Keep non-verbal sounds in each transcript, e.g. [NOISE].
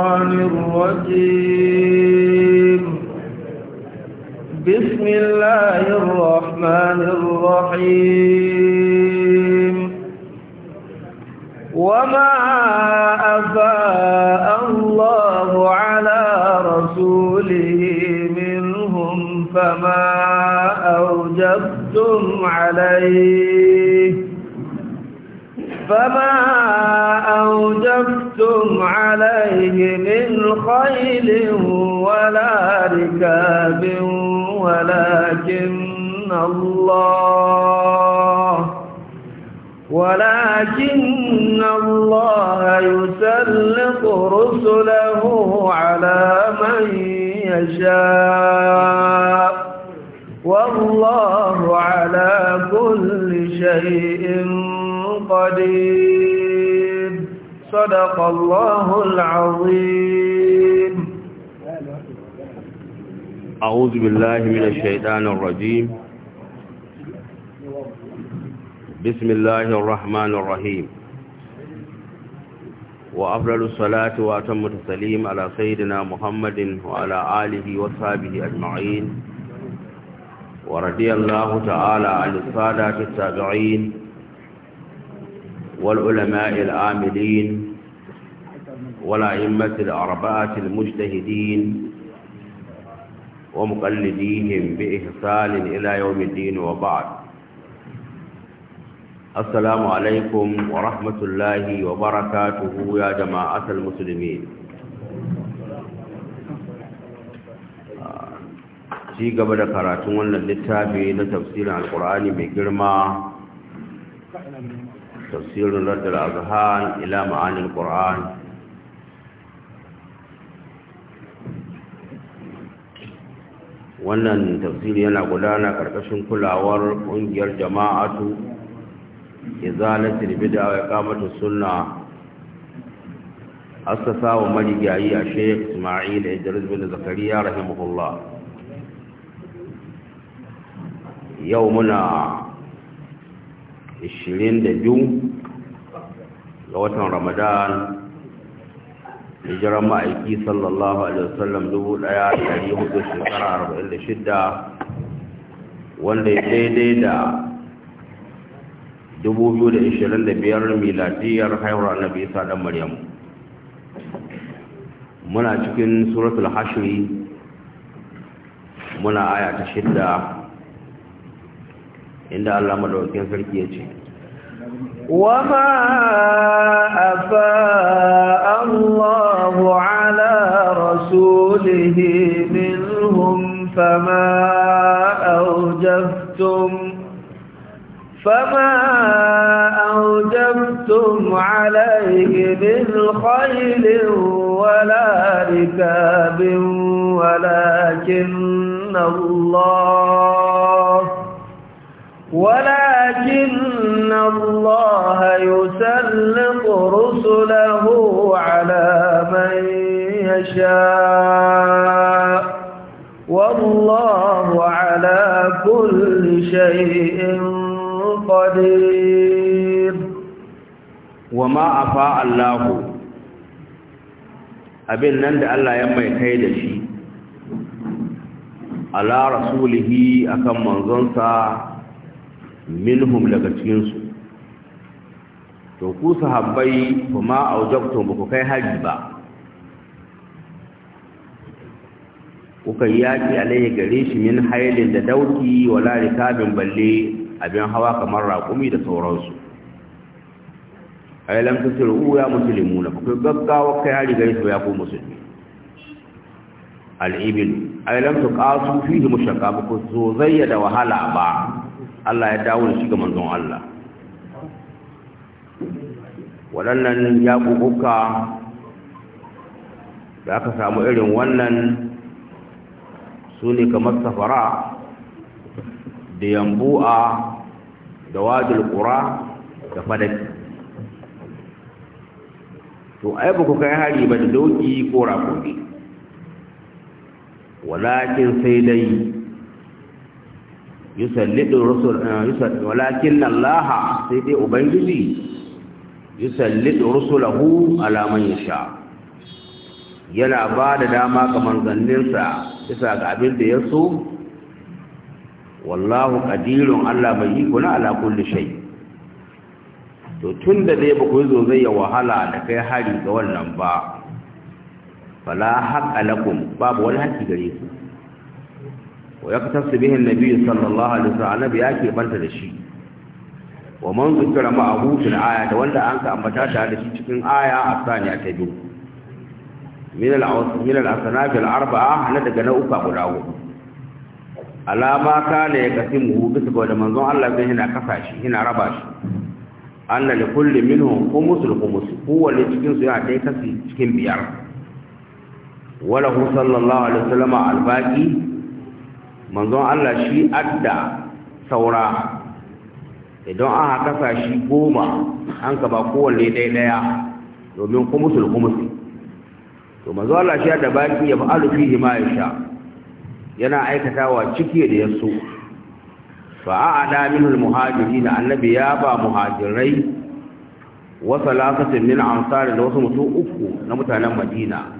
الشيطان الرجيم بسم الله الرحمن الرحيم وما أفاء الله على رسوله منهم فما أوجبتم عليه فما لستم عليه من خيل ولا ركاب ولكن الله ولكن الله يسلط رسله على من يشاء والله على كل شيء قدير صدق الله العظيم أعوذ بالله من الشيطان الرجيم بسم الله الرحمن الرحيم وأفضل الصلاة وأتم التسليم على سيدنا محمد وعلى آله وصحبه أجمعين ورضي الله تعالى عن السادة التابعين والعلماء العاملين والأئمة الأربعة المجتهدين ومقلديهم بإحسان إلى يوم الدين وبعد السلام عليكم ورحمة الله وبركاته يا جماعة المسلمين في قبل da karatun لتفسير عن القرآن بكرمة تفسير mai إلى معاني القرآن wannan tafsiri yana gudana karkashin kulawar ƙungiyar jama'atu izalatul bid'a wa iqamatu sunna assasa wa marigayi a Sheikh Isma'il Idris bin Zakariya rahimahullah yau muna 22 ga watan Ramadan hijiran ma'aiki sallallahu alaihi wasallam dubu ɗaya da hudu shekara arba'in da shidda wanda ya daidai da dubu biyu da ishirin da biyar miladiyar haihuwar nabi isa dan maryamu muna cikin suratul hashiri muna aya ta shidda inda allah madaukakin sarki ya ce وما أفاء الله على رسوله منهم فما أوجبتم فما أوجبتم عليه من خيل ولا ركاب ولكن الله ولكن الله يسلط رسله على من يشاء والله على كل شيء قدير وما أفاء الله abin nan da Allah ya mai kai da shi ala rasulihi akan manzonsa minhum daga cikinsu to ku sahabbai kuma aujabtum ba ku kai haji ba kuka yaki alaihi gare shi min hailin da dauki wala rikabin balle abin hawa kamar raƙumi da sauransu Ailan lam tusiru ya muslimuna ku gaggawa kai hari gare su ya ku musulmi al-ibil ai lam tuqasu fihi ba ku zo zayyada wahala ba Allah ya dawo da shi ga manzon Allah waɗannan yaƙuƙuka da aka samu irin wannan su ne kamar safara da yambu'a da wajil ƙura da fadaki to ai ba ku kai hari ba da doki ko rakobi walakin sai dai yusallidu rusul eh, walakin Allah sai dai ubangiji yusallit rusulahu ala man yasha yana ba da dama ga manzanninsa bisa ga abin da ya so wallahu qadirun Allah mai yi na ala kulli shay to da dai ba ku zo zai ya wahala da kai hari ga wannan ba fala haqqa lakum babu wani haki gare ku wa yaktasu bihi an-nabi sallallahu alaihi wasallam ya ke banta da shi wa man zikira ma'ahu fil aya da wanda an ka ambata ta da cikin aya a saniya ta biyu min al-awas min al-asnaf al-arba'a na daga na uku guda uku. alama kana ya kasimu bisa ga manzon Allah zai hina kasa shi hina raba shi anna li kulli minhum khumusul khumus huwa li cikin su ya dai kasi cikin biyar wala hu sallallahu alaihi wasallam al-baqi manzon Allah shi adda saura idan aka kasa shi goma an ka ba kowanne dai daya domin kumusul kumusi to manzo Allah shi da baki ya fa'alu fihi ma yasha yana aikatawa ciki da yasu fa a'ada minul muhajirin annabi ya ba muhajirai wa salasatin min ansar da wasu mutum uku na mutanen Madina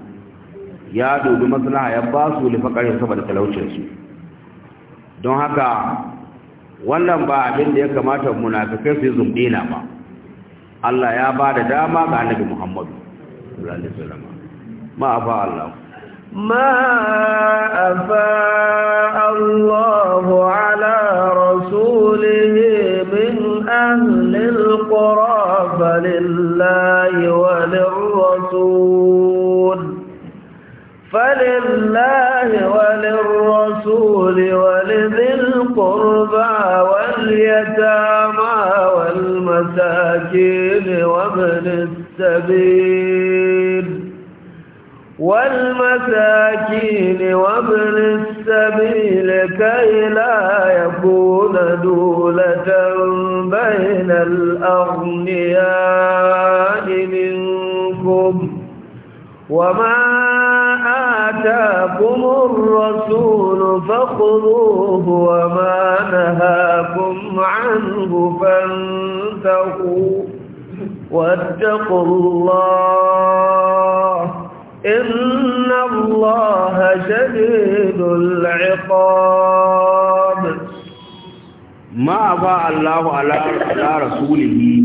ya dubi maslaha ya ba su lifaqarin saboda talaucin su don haka wannan ba abin da ya kamata munafikai su zumbina ba Allah ya ba da dama ga annabi Muhammad sallallahu alaihi wasallam ma afa Allah ma afa Allah ala rasulihi min ahli alqura falillahi walirrasul فلله وللرسول ولذي القربى واليتامى والمساكين وابن السبيل والمساكين وابن السبيل كي لا يكون دولة بين الأغنياء منكم وما آتاكم الرسول فخذوه وما نهاكم عنه فانتهوا واتقوا الله إن الله شديد العقاب ما أبى الله على رسوله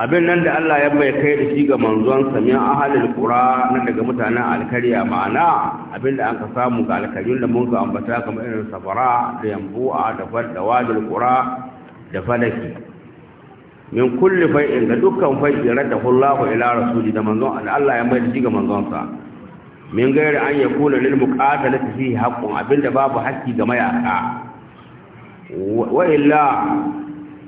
abin nan da Allah ya mai kai da shi ga manzon sami ahalil qura na daga mutanen alkariya ma'ana abin da an ka samu ga alkariyun da mun ga ambata kamar irin safara da yambu'a da fadda da qura da falaki min kulli fai'in ga dukkan fai'i radda hullahu ila rasuli da manzon Allah ya mai da shi ga manzon sa min gairi an kula lil muqatalati fi abin abinda babu haƙƙi ga mayaka wa illa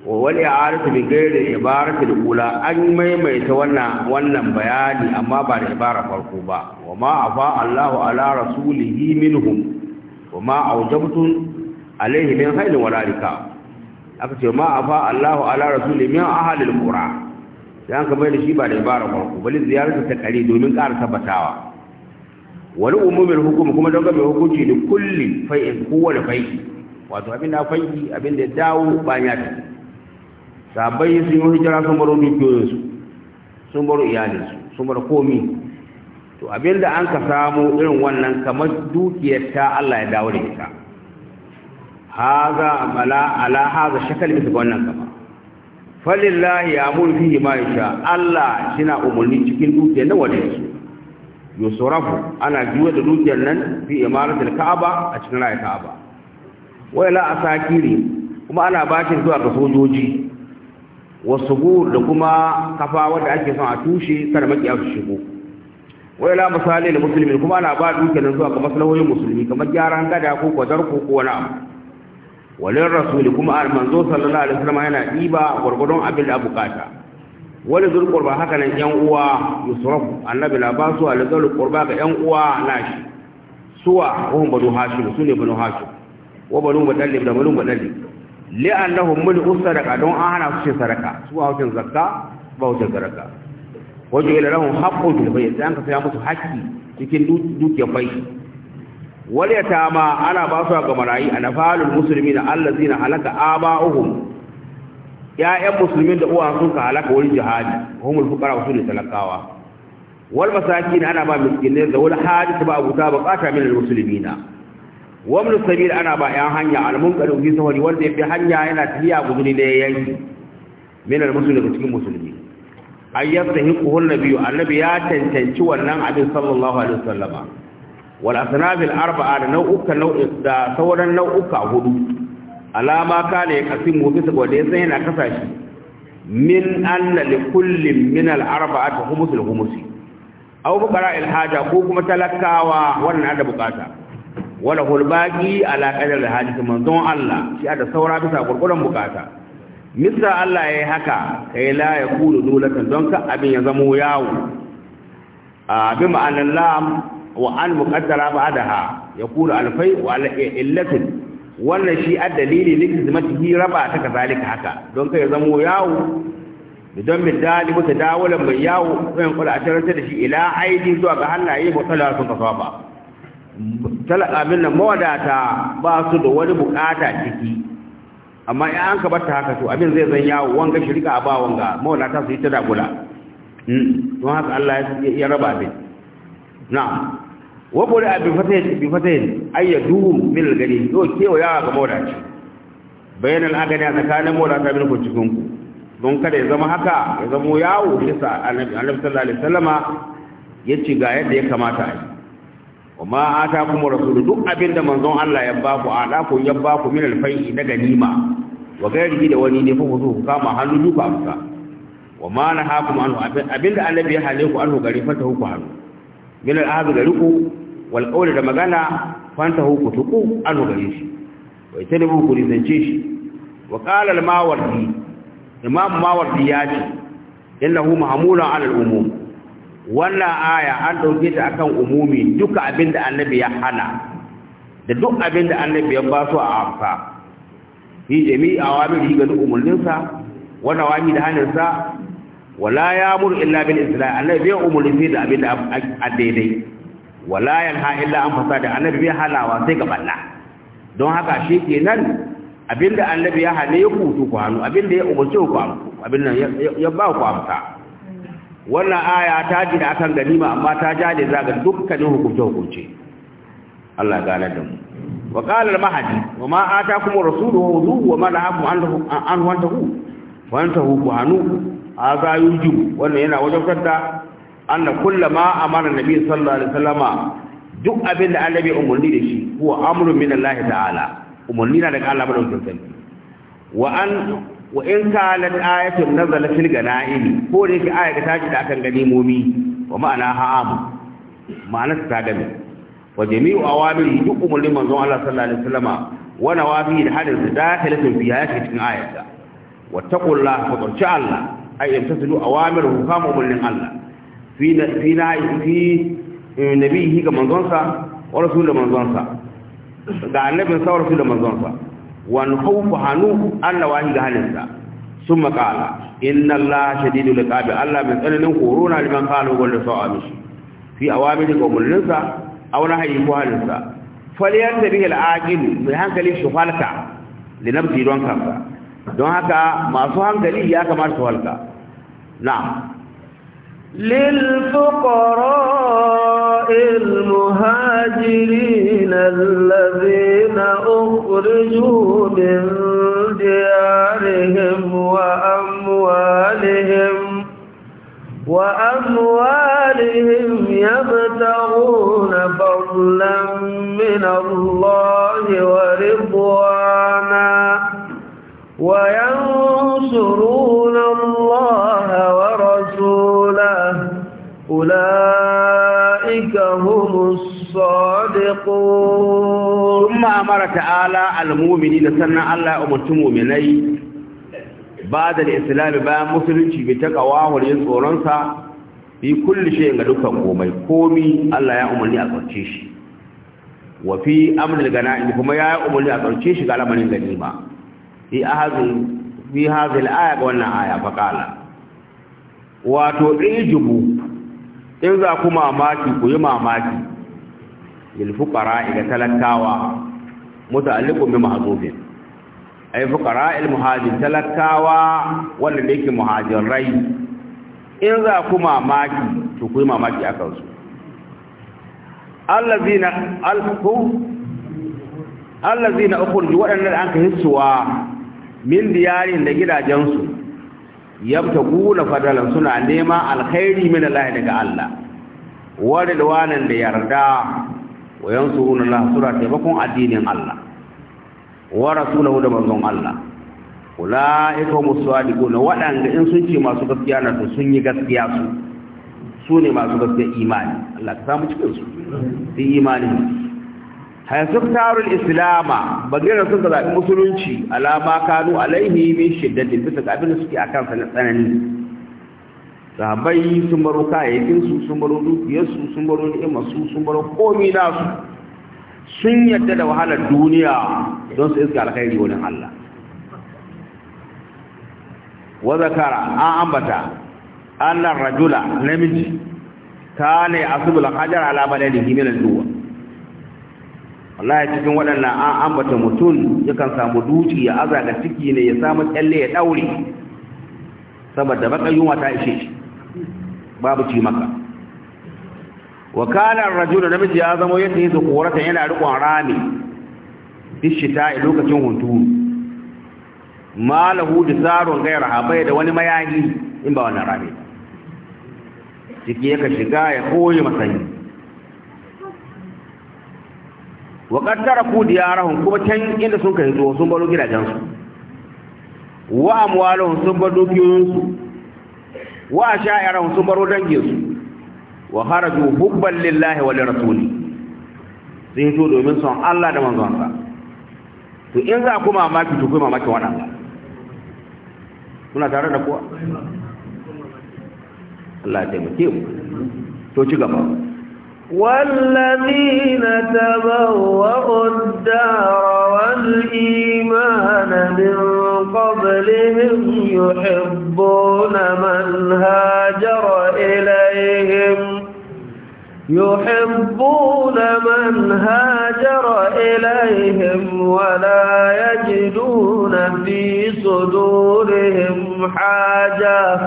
wani a da bi gairi ibaratul ula an maimaita wannan wannan bayani amma ba da ibara farko ba wa ma afa Allahu ala rasulihi minhum wa ma aujabtum alaihi min khailin wala rika aka ce ma afa Allahu ala rasulihi min ahlil qura dan ka da shi ba da ibara farko bali ziyaratu ta kare domin ƙara tabbatawa wani umumin hukum kuma don mai hukunci da kulli fai'in kowane fai'i wato abin da fai'i abin da dawo ba ya tafi sabai sun yi hijira sun baro dukiyoyinsu sun baro iyalinsu sun baro komi to abinda an ka samu irin wannan kamar dukiyar ta Allah ya dawo da ita haza amala ala haza shakal bisa wannan kama falillahi ya'mur fihi ma yasha Allah shina umurni cikin dukiyar nan wanda yake yusrafu ana juwa da dukiyar nan fi imaratil ka'aba a cikin rayuwar ka'aba wai la asakiri kuma ana bakin zuwa ga sojoji wasu gu da kuma kafa wadda ake son a tushe kada maki su shigo wai la misali da musulmi kuma ana ba nan zuwa ga maslahohin musulmi kamar gyaran gada ko kwadar ko ko wani abu walin rasuli kuma al manzo sallallahu alaihi wasallam yana diba gurgurun abin da bukata wani zul qurba haka nan yan uwa yusrafu annabi la ba su al zul qurba ga yan uwa nashi suwa wahum banu hashim sune banu hashim wa banu mudallib da banu mudallib li'annahum mulku sadaqa don an hana su sadaka su haucin zakka ba haucin sadaka wajen ila lahum haqqu bil bayt an musu haƙƙi cikin dukiyar bai wal yatama ana ba su ga marayi anafalul muslimina allazina halaka aba'uhum ya'yan musulmin da uwa sun ka halaka wurin jihadi humul fuqara usul talakawa wal masakin ana ba miskinai da wal hadith ba abuta bukata min musulmi na. wamnu sabil ana ba yan hanya almunqalu bi sawari wanda ya fi hanya yana tafiya guduri da ya yayi min almuslimin cikin musulmi ayyastahiquhu biyu. annabi ya cancanci wannan abin sallallahu alaihi sallama. wal asnabil arba'a da nau'uka da sauran nau'uka hudu alama kana yaqsimu bisa wanda yasan yana kasashi min anna li kullin min al arba'ati khumsul khumsi aw fuqara al haja ko kuma talakawa wannan ada bukata wala hulbaki ala kadar hadisi don Allah shi da saura bisa gurgurdan bukata misa Allah yayi haka kai la ya kulu dulatan don ka abin ya zamo yawo a bi ma'anan lam wa an muqaddara ba'daha yaqulu alfai wa ala illatin wannan shi a dalili ne hizmatihi raba ta kazalika haka don kai zamo yawo idan min dalibu ta dawalan mai yawo in kula a tarata da shi ila aidi zuwa ga hannaye ba kala sun kafa ba abin nan mawadata ba su da wani bukata ciki amma in an ka bar ta haka to abin zai zan yawo wanga shirka a ba wanga mawadata su yi ta dagula hmm, don haka Allah ya raba abin na'am wa bari abin fatayin bi fatayin ayyadu min gari to kewa yawa ga mawadaci bayan a tsakanin mawadata min ku cikin ku don kada ya zama haka ya zama yawo bisa annabi sallallahu alaihi wasallama yace ga yadda ya kamata a yi wa ma ata kuma rasulu duk abinda manzon Allah ya ba ku a ku ya ba ku min alfai na ganima wa gairi da wani ne fa ku kama hannu duka amsa wa ma na hakum anhu abinda annabi ya hale ku anhu gari fata ku hannu min al'ahd gari ku wal qawl da magana fanta ku tuku anhu gari shi wa italibu ku rizance shi wa qala al mawardi imam mawardi ya ce innahu mahmulan ala al umum wannan aya an ɗauke ta akan umumi duka abin da annabi ya hana da duk abin da annabi ya ba su a amsa fi jami'i da ga duk umarninsa wannan wani da sa wala ya mur illa bil islam annabi bai umarni sai da abin da a daidai wala ha illa an da annabi bai halawa sai ga balla don haka shi kenan abinda annabi ya hane ku to ku hannu abinda ya umarce ku amsa abinda ya ba ku amsa wannan aya ta jira akan ganima amma ta ja da zaga dukkanin hukunce hukunce Allah gane da mu wa qala al mahdi wa ma atakum rasuluhu hudu wa ma nahakum anhu anhu antahu wa antahu kuhanu hadha yujibu wannan yana wajabtar da anna kullama amara nabi sallallahu alaihi wasallama duk abin da annabi umurni da shi huwa amrun min Allah ta'ala umurni na daga Allah madaukakin sarki wa an wa in kanat ayatun nazala fil ganaimi ko da yake ayata ta ji da akan ganimomi wa ma'ana ha'am ma'anar ta gani. wa jami'u awamiri duk umurnin manzon Allah sallallahu alaihi wasallama wa nawabi da hadin da dakalatin fi ayati cikin ayata wa taqullaha fa taqulcha Allah ay yamtasilu awamir hukamu umurnin Allah fi fi fi eh, nabihi ga sa wa rasul sa ga annabin sa rasul sa وانخوف هانو ان واحد هانسا ثم قال ان الله شديد العقاب الله من ان قرون لمن قالوا قول صامش في اوامركم لنسا او نهي قوالسا فليان به العاقل من هنكلي شوالكا لنبتي دون كان دون هكا ما فهم دليل يا كما شوالكا نعم للفقراء المهاجرين الذين أخرجوا من ديارهم وأموالهم وأموالهم يبتغون فضلا من الله ورضوانا وينصرون الله ورسوله أولئك هم الصالحون يتقون ثم أمر تعالى المؤمنين سنة الله bayan musulunci بعد الإسلام بان مسلم بتقواه Bi في كل شيء dukkan komai komi Allah ya umarni a karce shi wa fi amrul ganaim kuma ya umarni a karce shi ga lamarin ganima fi ahadin fi hadhihi al-aya ga wannan aya fa qala wato ijubu in za ku mamaki ku mamaki lil fuqara ga talakawa muta'alliqun bi mahzufin ay fuqara al talakawa wanda yake muhajirai in za ku mamaki to ku mamaki akan su allazina alfu allazina ukhruju wadannan an ka da gidajensu yabtaguna fadalan suna nema alkhairi min Allah daga Allah warilwanan da yarda wa yansuruna Allah sura taimakon addinin Allah wa rasulahu da manzon Allah ulaika hum as-sadiquna wadanda in sun ce masu gaskiya na to sun yi gaskiya su su ne masu gaskiya imani Allah ka samu cikin su su imani hayasuktarul alislama bagira sun zaɓi musulunci alama kanu alaihi min shiddati bisa ga abin da suke akan sa na tsanani sahabai sun baro kayayyakinsu sun baro dukiyarsu sun baro ni'imarsu sun baro komi nasu sun yadda da wahalar duniya don su iska alkhairi wani Allah wa kara an ambata annar rajula namiji ta ne asibul hajar alamalai da min al-duwa wallahi cikin waɗannan an ambata mutum yakan samu duci ya aza ga ciki ne ya samu tsalle ya ɗaure saboda baka yunwa ta ishe shi babu ci maka wa kana rajulu namiji ya zama yadda yake korata yana rikon rami bishita a lokacin hunturu malahu disarun gairaha bai da wani mayahi in ba wannan rami ciki yaka shiga ya koyi masani wa qaddara ku diyarahum kuma can inda sun kai zo sun baro gidajensu wa amwaluhum sun bar dukiyoyinsu wa sha'irahu sun baro dangin su wa haraju hubban lillahi wa lirasuli sai to domin son Allah da manzon sa to in za ku mamaki to ku mamaki wannan kuna tare da kuwa Allah ya taimake mu to ci gaba والذين تبوأوا الدار والإيمان من قبلهم يحبون من هاجر إليهم يحبون من هاجر إليهم ولا يجدون في صدورهم حاجة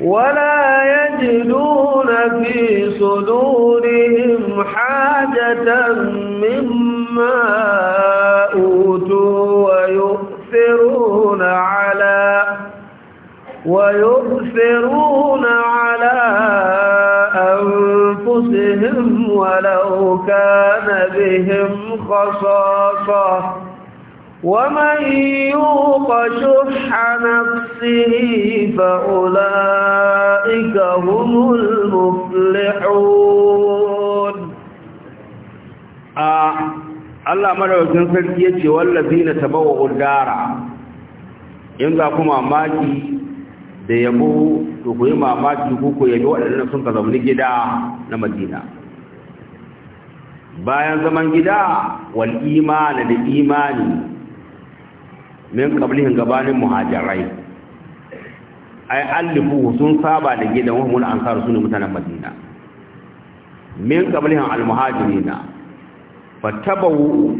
ولا يجدون يجدون في صدورهم حاجة مما أوتوا ويؤثرون على ويؤثرون على أنفسهم ولو كان بهم خصاصة ومن يوق شح نفسه فأولئك هم المفلحون Allah madaukakin sarki yace wallazina tabawwa'u dara in za ku mamaki da yabo to ku yi mamaki ku ku yabi waɗannan sun ka zaune gida na Madina bayan zaman gida wal na da imani min qablihin gabanin muhajirai ay allifu sun saba da gidan wahumul ansar sunu mutanen madina min qablihin almuhajirina fatabawu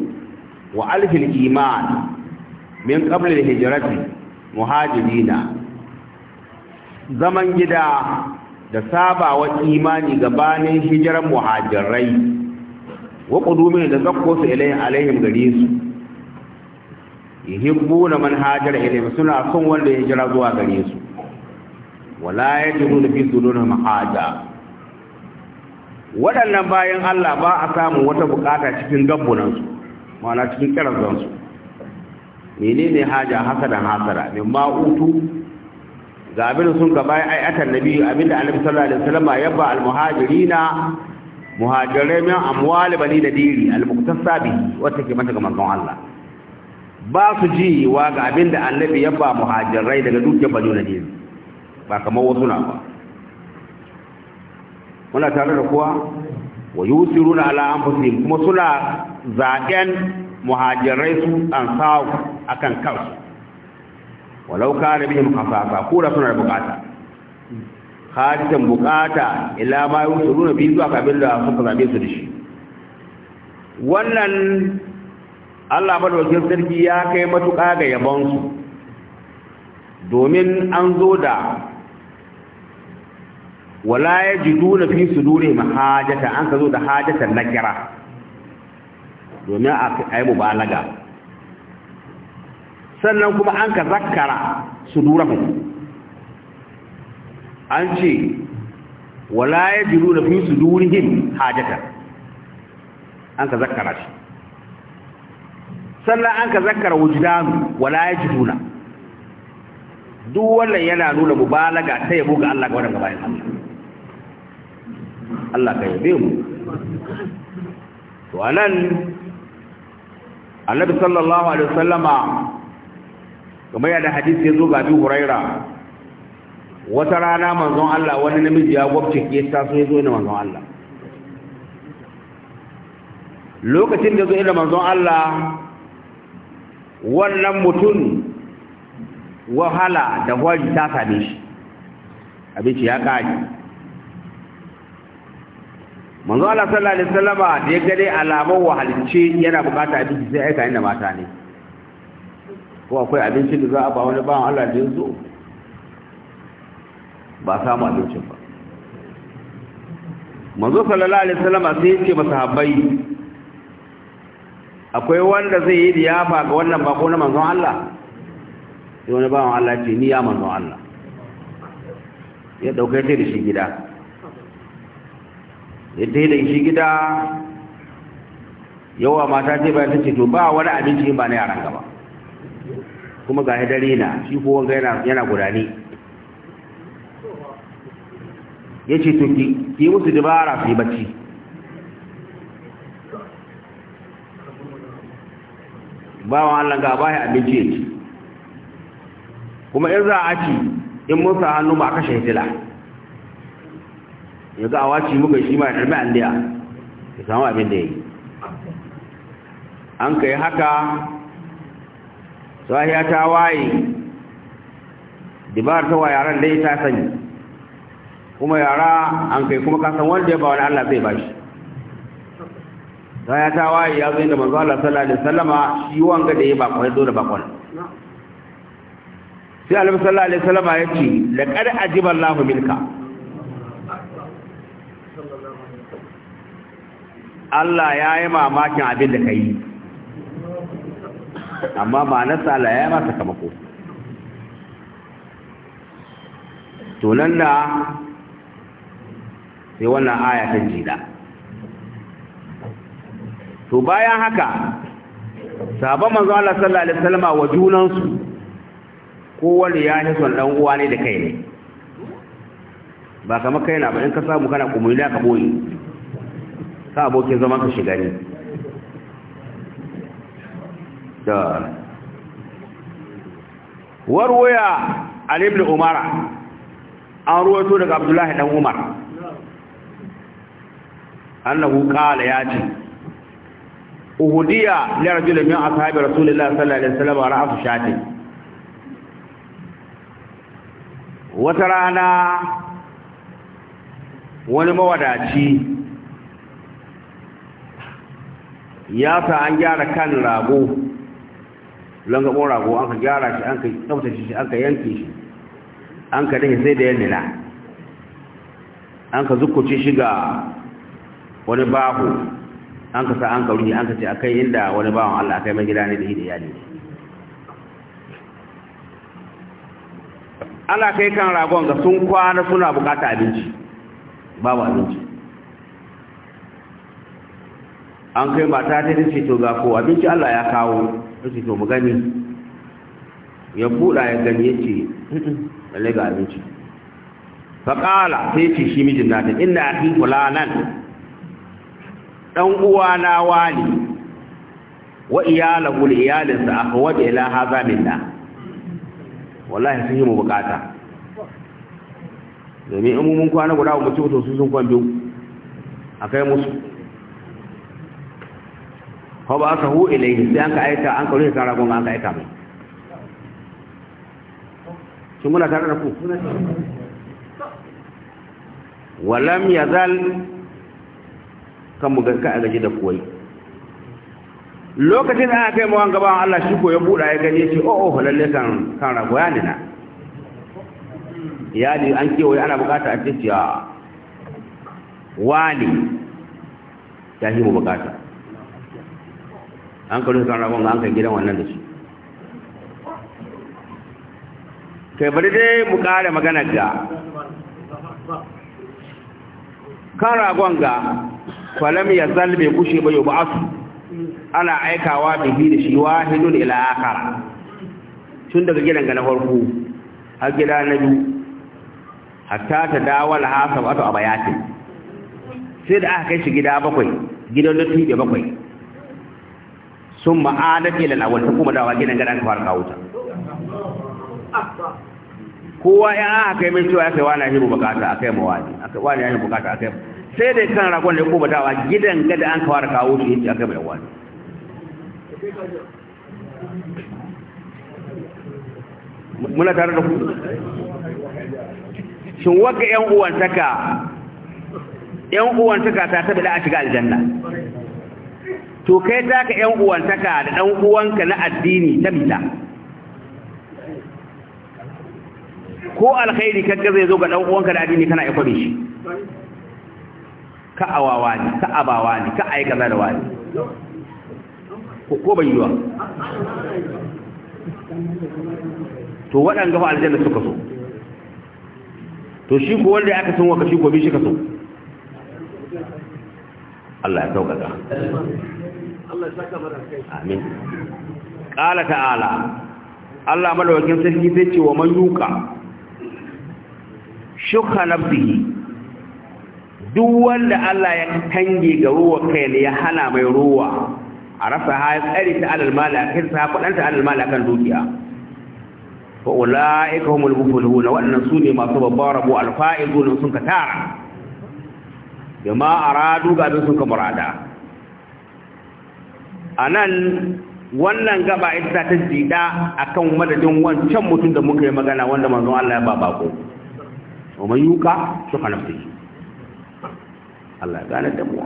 wa alfil iman min qabli alhijrati muhajirina zaman gida da wa imani gabanin hijiran muhajirai wa qudumin da zakko su ilaihim gare su yuhibbuna man hajara ilayhim suna son wanda ya jira zuwa gare su wala yajiduna fi sudurihim haja waɗannan bayan Allah ba a samu wata bukata cikin gabbunan su ma'ana cikin kirazan su menene haja hasada hasara min ma utu ga abin sun ka bayan ayatan nabi abinda annabi sallallahu alaihi wasallam ya ba al-muhadirina, almuhajirina muhajirai min amwali bani da diri, nadiri almuqtasabi wata ke mata ga manzon Allah ba su ji wa ga abin da annabi ya ba muhajirai daga dukkan banu nadir ba kamar wasu na ba muna tare da kuwa wa runa ala anfusihim kuma suna zaƙen muhajirai su an sawu akan kansu walau kana bihim khasasa ko da suna da bukata hadisan bukata ila ma yusiruna bi zuwa kabin da suka zabe su da shi wannan Allah madaukakin sarki ya kai matuƙa ga yabonsu domin an zo da wala na fi sudurihim hajata an ka zo da hajatan nakira domin a yi mubalaga sannan kuma an ka zakkara sudurahum an ce wala na fi sudurihim hajata an ka zakkara shi sannan an ka zakkara wujdanu wala ya yajiduna duk wannan yana nuna mubalaga ta yabo ga Allah ga wannan bayan Allah Allah ka yabe mu to anan Annabi sallallahu alaihi wasallama kamar da hadisi ya zo ga Abu Huraira wata rana manzon Allah wani namiji ya gwabce ke taso ya zo ne manzon Allah lokacin da zo ila manzon Allah wannan mutum wahala da hori ta same shi abinci ya kaji manzo Allah sallallahu alaihi wasallam da ya gare alamun wahalce yana bukata abinci sai aika inda mata ne ko akwai abinci da za a ba wani ba Allah da ya zo ba samu abinci ba manzo sallallahu alaihi wasallam sai ya ce masahabbai akwai wanda zai yi diyafa ga wannan bako na manzon Allah sai wani bawan Allah ce ni ya manzon Allah ya dauke ta da shi gida ya ta da shi gida yawa mata ce bayan ta ce to ba wani abinci in ba na yaran gaba kuma ga dare na shi ko wanga yana gudani. Ya ce to ki ki musu dabara su yi bacci bawan Allah ga baya abinci yake kuma in za a ci in mun sa hannu ba kashe hitila ya ga awaci muka shi ma ya karbi andiya ya samu abin da ya yi an kai haka sahiya ta waye dibar ta wa yaran dai ta sani kuma yara an kai kuma kasan wanda ya ba wani Allah zai bashi ta ya ta waye ya zo da manzo Allah sallallahu alaihi wasallama shi wanga da ya bako dole zo da bakon sai Allah sallallahu alaihi wasallama ya ce laqad ajiba Allahu milka. Allah ya yi mamakin abin da kai amma ba na sala ya yi masa kamako to nan da sai wannan aya ta jida to bayan haka sabon manzo Allah sallallahu alaihi wasallama wa junansu kowanne ya yi son dan uwa ne da kai ne ba kamar kai na ba in ka samu kana kumuli da ka boye ka abokin zaman ka shiga ne da warwaya ali da umara an ruwato daga abdullahi dan umar annahu qala ya ce uhudiya li rajul min ashabi rasulillah sallallahu alaihi wasallam ra'afu shati wata rana wani mawadaci ya sa an gyara kan rago langaɓon rago an ka gyara shi an ka tsaftace shi an ka yanke shi an ka dahe sai da yan nila an ka zukuce shi ga wani bahu an ka sa an kauri an ka ce akai inda wani bawan Allah akai mai gida ne da hidiya ne ana kai kan ragon ga sun kwana suna bukata abinci babu abinci an kai mata ta ce to ga ko abinci Allah ya kawo ta ce to mu gani ya buɗa ya gani ya ce lalle ga abinci faƙala sai ce shi mijin nata inda a fi fulanan dan uwa na wani wa iyalahu aka wa ila hadha minna wallahi sun yi mu bukata domin in mun kwana guda mu to su sun kwan biyu akai musu ko ba ka hu ilayhi sai an ka aika an ka rufe gon an ka aika mai shi muna tare da ku walam yazal kan mu ganka a gaji da koyi lokacin da aka kai mawan gaban Allah shi ko ya buɗa ya gani shi oh oh lalle kan kan rago ya nina ya ji an kewaye ana bukata a cikin ya wani ya yi mu bukata an karu kan ragon an kai gidan wannan da shi kai bari dai mu kare magana ga kan ragon ga falam ya zalbe kushe ba yau ba asu ana aikawa bihi da shi wahidun ila akara tun daga gidan ga na farko har gida na biyu hatta ta dawo la hasab ato abayati sai da aka kai shi gida bakwai gidan da tibe bakwai sun ma'adat ila lawal ta kuma dawa gidan ga na fara kawo ta kowa ya aka kai mai cewa ya kai wani yi bukata akai a akai wani yi bukata akai sai dai kan ragon da ya a gidan gada an kawar kawo shi yace aka mai wani muna tare da kudu shin waga yan uwantaka yan uwantaka ta tabi da a shiga aljanna to kai ta ka yan uwantaka da dan uwanka na addini ta bita ko alkhairi kaga zai zo ga dan uwanka da addini kana ikwabe shi ka awawa ne ka abawa ne ka aika da ne ko bai yiwa to waɗanda fa aljanna suka so to shi ko wanda aka san waka shi ko bi shi ka so Allah ya sauƙaƙa Allah ya saka bara kai amin qala ta'ala Allah madawakin sarki sai ce wa man yuka shukha nafsihi duk wanda Allah ya kange ga ruwa kai ne ya hana mai ruwa a rasa ha ya tsare ta alal mala kai sa kudanta alal mala kan dukiya fa ulaika humul muflihun wannan sune masu babbar rabo alfa'izun sun ka tara jama aradu ga sun ka murada anan wannan gaba ita ta jida akan madadin wancan mutum da muka yi magana wanda manzon Allah ya ba bako wa man yuka shuka nafsihi Allah ya gane da mu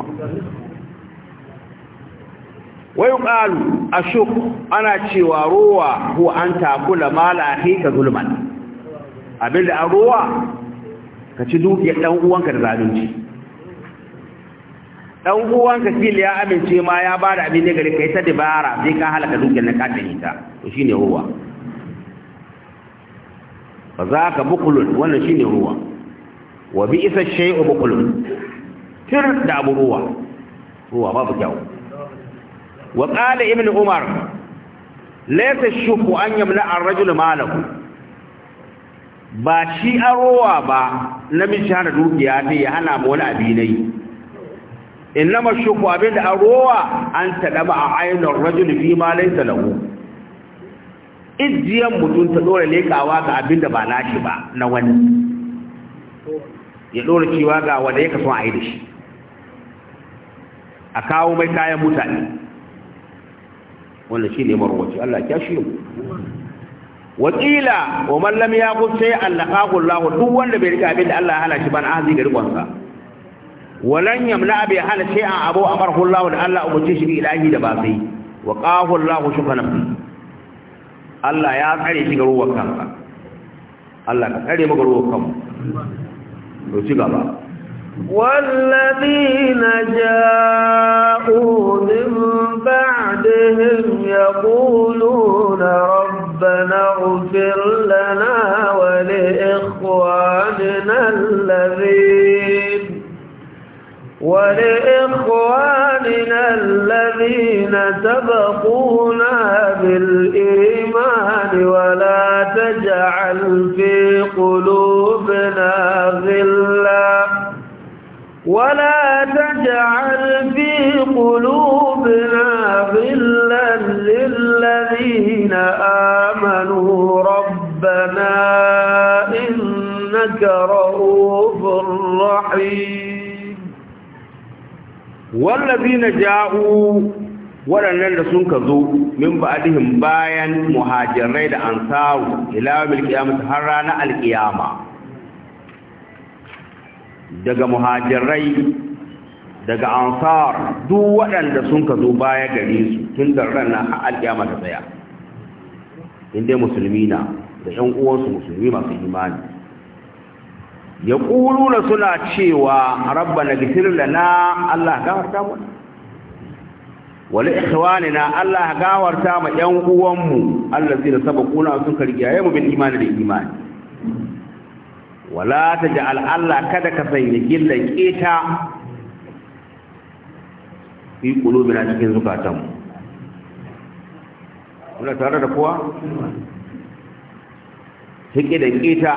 wai qalu ashuk ana cewa ruwa ko an takula mala hika zulman abinda a ruwa ka ci dukiyar dan uwanka da zalunci dan uwanka fil ya amince ma ya bada abin gari ka kai ta dabara sai ka halaka dukiyar na ka tani ta to shine ruwa fa zaka bukulun wannan shine ruwa wa bi isa shay'u bukulun tir da abu ruwa ruwa babu kyau wa qala ibn umar laysa shuku an yamla ar-rajul malahu ba shi ruwa ba namiji hana dukiya ne ya hana mu wani abi ne innama shuku abinda ruwa, an tadaba a rajul fi ma laysa lahu ijiyan mutum ta dora lekawa ga abinda ba nashi ba na wani ya dora cewa ga wanda yake son a yi da shi a kawo mai kayan mutane wannan shi ne marwaci Allah ya shi mu wakila wa man lam yaqut shay'an laqahu Allah duk wanda bai rika abinda Allah ya halashi ban azi ga rikon sa walan yamla bi hal shay'an abu amarahu Allah da Allah ubuce shi ilahi da ba sai wa qahu Allah shukana Allah ya tsare shi ga ruwan kansa Allah ka tsare maka ga ruwan kanmu to ci gaba والذين جاءوا من بعدهم يقولون ربنا اغفر لنا ولإخواننا الذين ولإخواننا الذين سبقونا بالإيمان ولا تجعل في قلوبنا غلاً ولا تجعل في قلوبنا غلا للذين آمنوا ربنا إنك رؤوف رحيم والذين جاءوا waɗannan da sun ka zo min ba'dihim bayan muhajirai da ansaru ila yawmil qiyamah har ranar alqiyama daga muhajirai daga ansar duk waɗanda sun ka zo baya gare su tun da ranar al'yama ta tsaya inda musulmi na da ‘yan uwansu musulmi masu imani ya ƙuluna suna cewa rabba na gifir lana Allah gawarta mu wani ikhwani na Allah gawarta ma ‘yan uwanmu Allah zai da saba ƙuna sun yi mu bin imani da imani wala ta ji Allah kada ka sanya gillan keta fi qulubina cikin zukatanmu muna tare da kuwa take da keta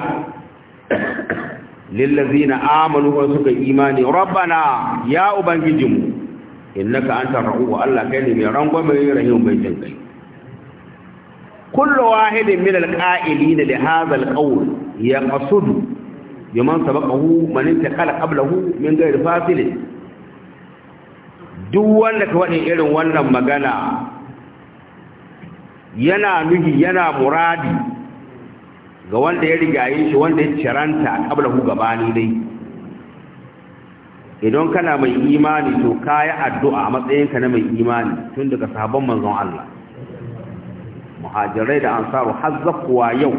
lillazina amanu wa suka imani rabbana ya ubangijinmu innaka antar wa Allah kai ne mai rangwame rahim mai jin kai kullu wahidin min da li hadha ya ƙasudu. biman sabaqahu man intaqala qablahu min ghairi fasil duk wanda ka wani irin wannan magana yana nuhi yana muradi ga wanda ya rigaye shi wanda ya ciranta qablahu gabani dai idan kana mai imani to kaya addu'a matsayinka na mai imani tun daga sahabban manzon Allah muhajirai da ansaru har yau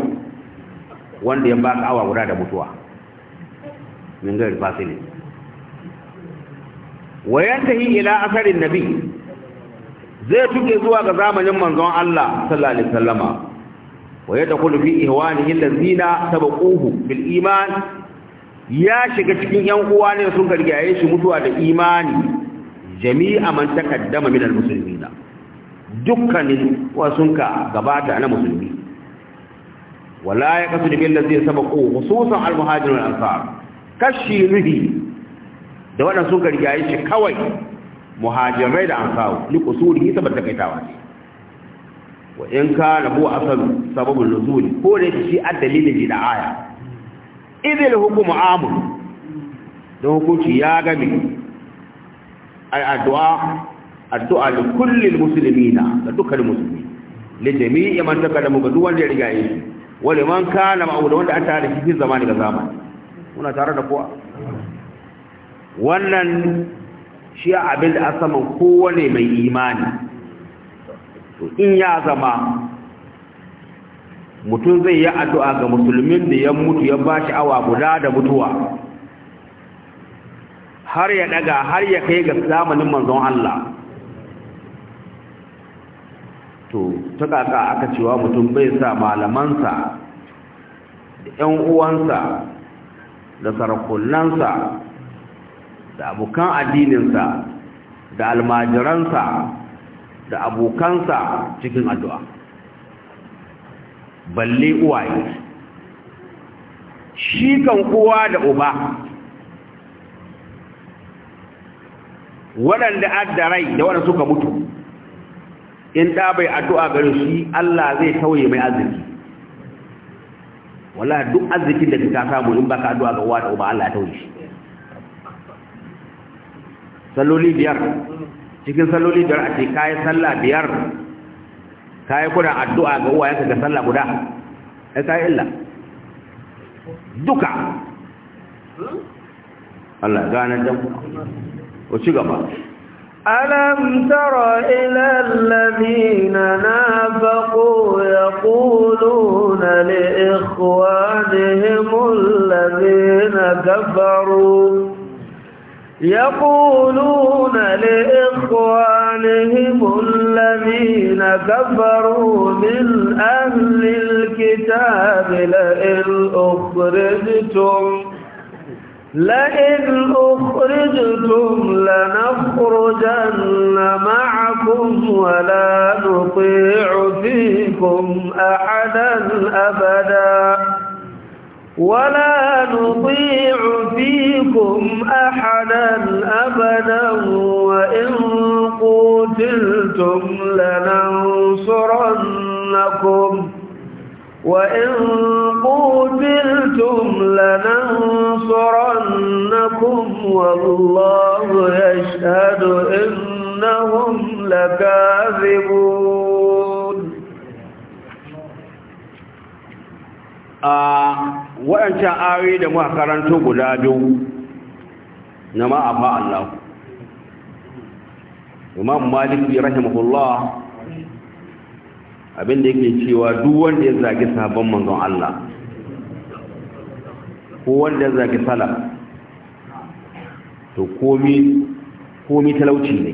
wanda ya baka awa guda da mutuwa min gari fasili wayantahi ila asarin nabi zai tuke zuwa ga zamanin manzon Allah sallallahu alaihi wasallama wa yadkhulu fi ihwanihi allazina sabaquhu bil ya shiga cikin yan uwa ne sun gargaye shi mutuwa da imani jami'a man takaddama min al muslimina dukkanin wasunka gabata na musulmi wala yaqsidu bil ladzi sabaqu khususan al muhajirin wal ansar kashi rihi da waɗanda sun karyaye shi kawai muhajirai da ansaru li qusurihi saboda kaitawa ne wa in kana huwa asalu sababul nuzuli ko da shi dalilin da aya idil hukumu amu da hukunci ya ai addu'a addu'a da kullum musulmi na da dukkan musulmi da jami'i man taka da muka duwan da ya riga yi wani man kana ma'auda wanda an tare shi zamani ga zamani muna tare da kowa wannan shi abin da a saman kowane mai imani to in ya zama mutum zai yi addu'a ga musulmin da ya mutu ya ba shi awa guda da mutuwa har ya daga har ya kai ga zamanin manzon Allah to ta kaka aka cewa mutum bai sa malamansa da ‘yan uwansa da sarakunansa da abokan addininsa da almajiransa da abokansa cikin addu'a balle uwaye shi kan kowa da uba waɗanda addarai da waɗanda suka mutu in ɗab'ai bai addu'a gare shi Allah zai tauye mai arziki wala duk arzikin da ka samu in baka addu'a ga uwa da uba Allah ya tauye shi salloli biyar cikin salloli biyar a ce kayi sallah biyar kayi kuna addu'a ga uwa yanka ga sallah guda ai kayi illa duka Allah gane dan ku ci gaba ألم تر إلى الذين نافقوا يقولون لإخوانهم الذين كفروا يقولون لإخوانهم الذين كفروا من أهل الكتاب لئن أخرجتم لئن أخرجتم لنخرجن معكم ولا نطيع فيكم أحدا أبدا ولا نطيع فيكم أحدا أبدا وإن قتلتم لننصرنكم وإن قتلتم قلتم لننصرنكم والله يشهد إنهم لكاذبون waɗancan ayoyi da muka karanto guda biyu na ma'afa Allah imam maliki rahimahullah abinda yake cewa duk wanda ya zagi sabon manzon Allah ko wanda zaki sala to komi komi talauci ne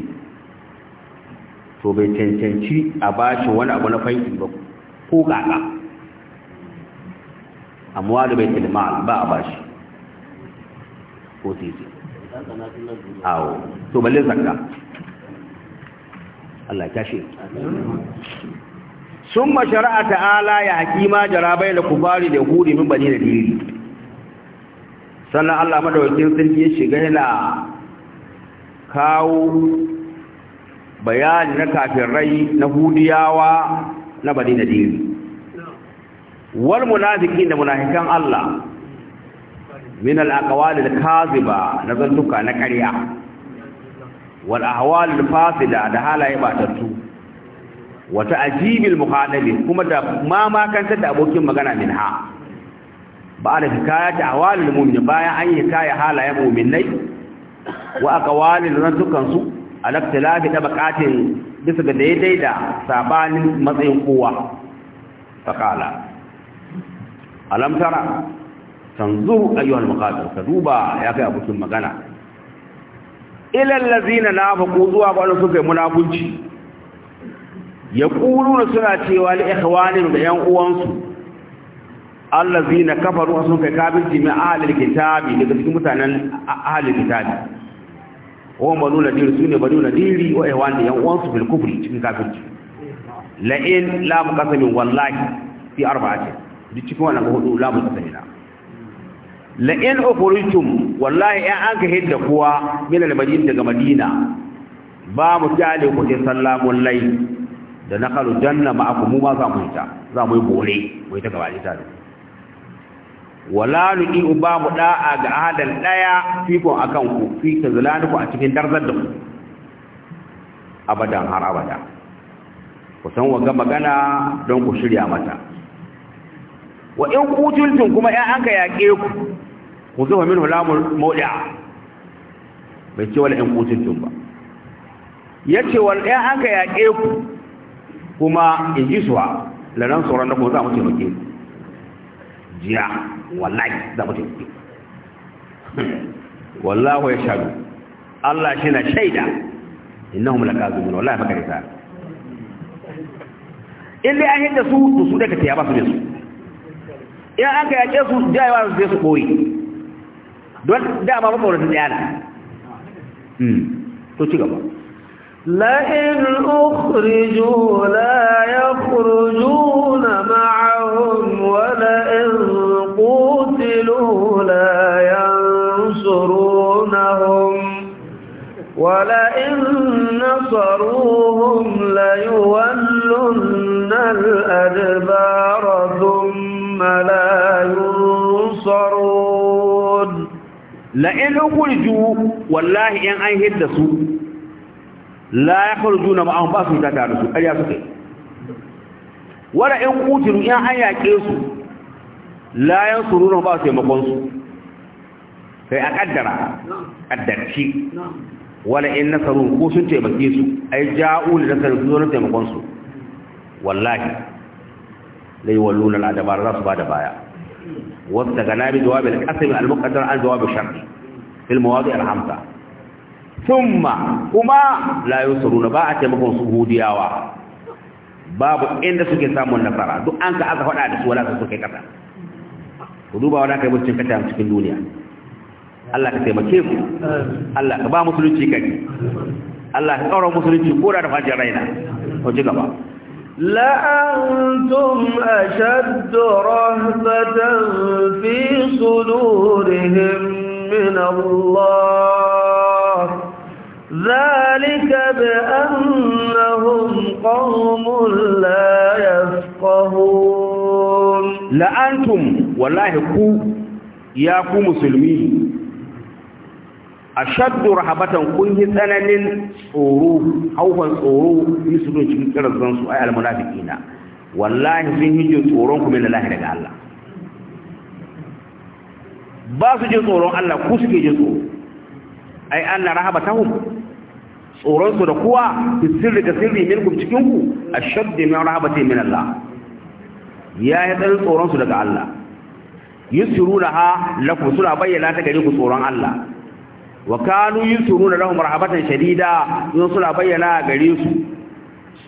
to bai cancanci a bashi wani abu na fanki ba ko kaka amma da bai tilma ba a bashi ko titi awo to balle zakka Allah ya shi sun mashara'a ta'ala ya hakima jarabai da kubari da huri min bani da diri sannan Allah madawakin sarki ya shiga yana kawo bayani na kafin rai na hudiyawa na bani diri wal munafiki da munafikan Allah min al al kaziba na zantuka na ƙarya wal ahwal al fasida da halaye batattu wata ajibil muhadabi kuma da ta da abokin magana ha ba da ta awalil mu'minin bayan an yi kaya halayen mu'minai wa aqwalil rantukan su alaktilafi bakatin bisa ga daidai da sabanin matsayin kowa kala alam tara tanzuru ayyuhal muqaddar ka duba ya kai abokin magana ila allazina nafaqu zuwa ba wanda suka yi munafunci yaquluna suna cewa li ikhwanin da yan uwansu allazina kafaru sun kai kafirci mai ahlil kitabi daga cikin mutanen ahlil kitabi wa banu su sune banu nadiri wa ihwan da yan uwansu bil kufri cikin kafirci la in la wallahi fi ce, duk cikin wannan hudu la muqasamin la in ukhrijtum wallahi ya an ka hidda kuwa min al madina daga madina ba mu tale ku in sallamun lai da nakalu janna ma'akum mu ma za mu yi ta za mu yi bore mu yi ta gaba da ita wala nudi uba mu da'a ga ahadan daya fikon akan ku fi tazlanuku a cikin darzar da ku abadan har abada ku san wa ga magana don ku shirya mata wa in kutultun kuma anka yaƙe ku ku zo min hulamul mawdi'a bai ce wala in kutultun ba yace wal anka yaƙe ku kuma in ji suwa lanan sauran da ku za mu taimake ku jiya wallahi za mu tafi wallahu ya shaɗu Allah shi na shaida innahum lakazumun wallahi makarita in dai an hinda su to su daga taya ba su ne su in an ka yaƙe su jayewa su zai su ɓoye don dama makwarata ɗaya na hmm. to ci gaba لئن أخرجوا لا يخرجون نصروهم ليولن الأدبار ثم لا ينصرون لئن أخرجوا والله إن أهدسوا لا يخرجون معهم باسم تتعرسوا أليا سكي ولئن قتلوا إن أياكيسوا لا ينصرون باسم مقنصوا فأقدر أدرشي نعم wala in nasaru ko sun taimake su ai ja'u li nasaru su zo taimakon su wallahi la yawalluna al-adbar rasu ba da baya wasta gana bi jawabin al-qasm al-muqaddar an jawab al-shart fi al-mawadi' al-hamsa thumma kuma la yusruna ba a taimakon su hudiyawa babu inda suke samun nasara duk an ka aka faɗa da su wala su suke kasa ku duba wala kai mutum kata cikin duniya Allah ka taimake ku. Allah ka ba musulunci kai Allah ka tsara musulunci ko da fajin raina to ji gaba la antum ashadd rahbatan fi sudurihim min Allah ذلك بأنهم قوم لا يفقهون لأنتم والله كو يا كو مسلمين A ashaddu rahabatan kun yi tsananin tsoro hauhan tsoro in su don cikin kirazan su ai almunafiqina wallahi sun yi jin tsoron ku min lahi daga Allah ba su jin tsoron Allah ku suke jin tsoro ai anna rahabatahum tsoron su da kuwa fi sirri ka sirri min minkum cikin ku ashaddu min rahabatin min Allah ya yi dan tsoron su daga Allah yusiruna ha lakum suna bayyana ta gare ku tsoron Allah wa kanu yusuruna lahum rahabatan shadida sun suna bayyana gare su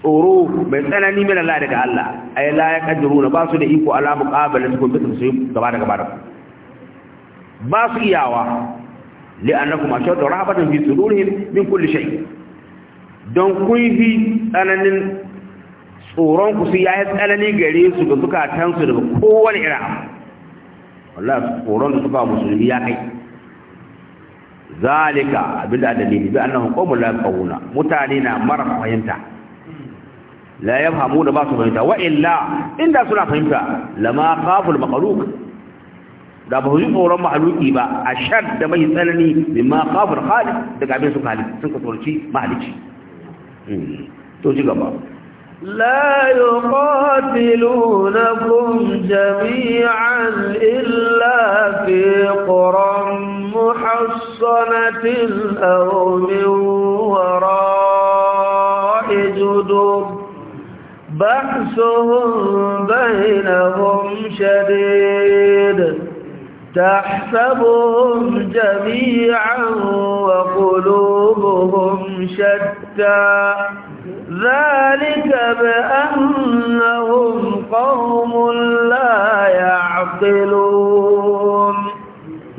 tsoro mai tsanani min Allah daga Allah ay la yaqdiruna ba su da iko ala muqabalati kun bisu su gaba da gaba ba su iyawa annakum ashaddu rahabatan fi sudurihim min kulli shay don kun fi tsananin tsoron ku su yi tsanani gare su ga zukatansu daga kowane irin abu Allah tsoron da suka musulmi ya kai ذلك بلا دليل بانهم قوم لا يفقهون متانين مر فهمت لا يفهمون ما فهمت والا ان سنا فهمت لما خاف المخلوق da ba huyi koran mahaluki اشد a يسالني بما mai tsanani bin ma kafir khalid daga abin su khalid sun kasorci mahalici لا يقاتلونكم جميعا الا في قرن محصنة أو من وراء جدر بحثهم بينهم شديد تحسبهم جميعا وقلوبهم شتى ذلك بأنهم قوم لا يعقلون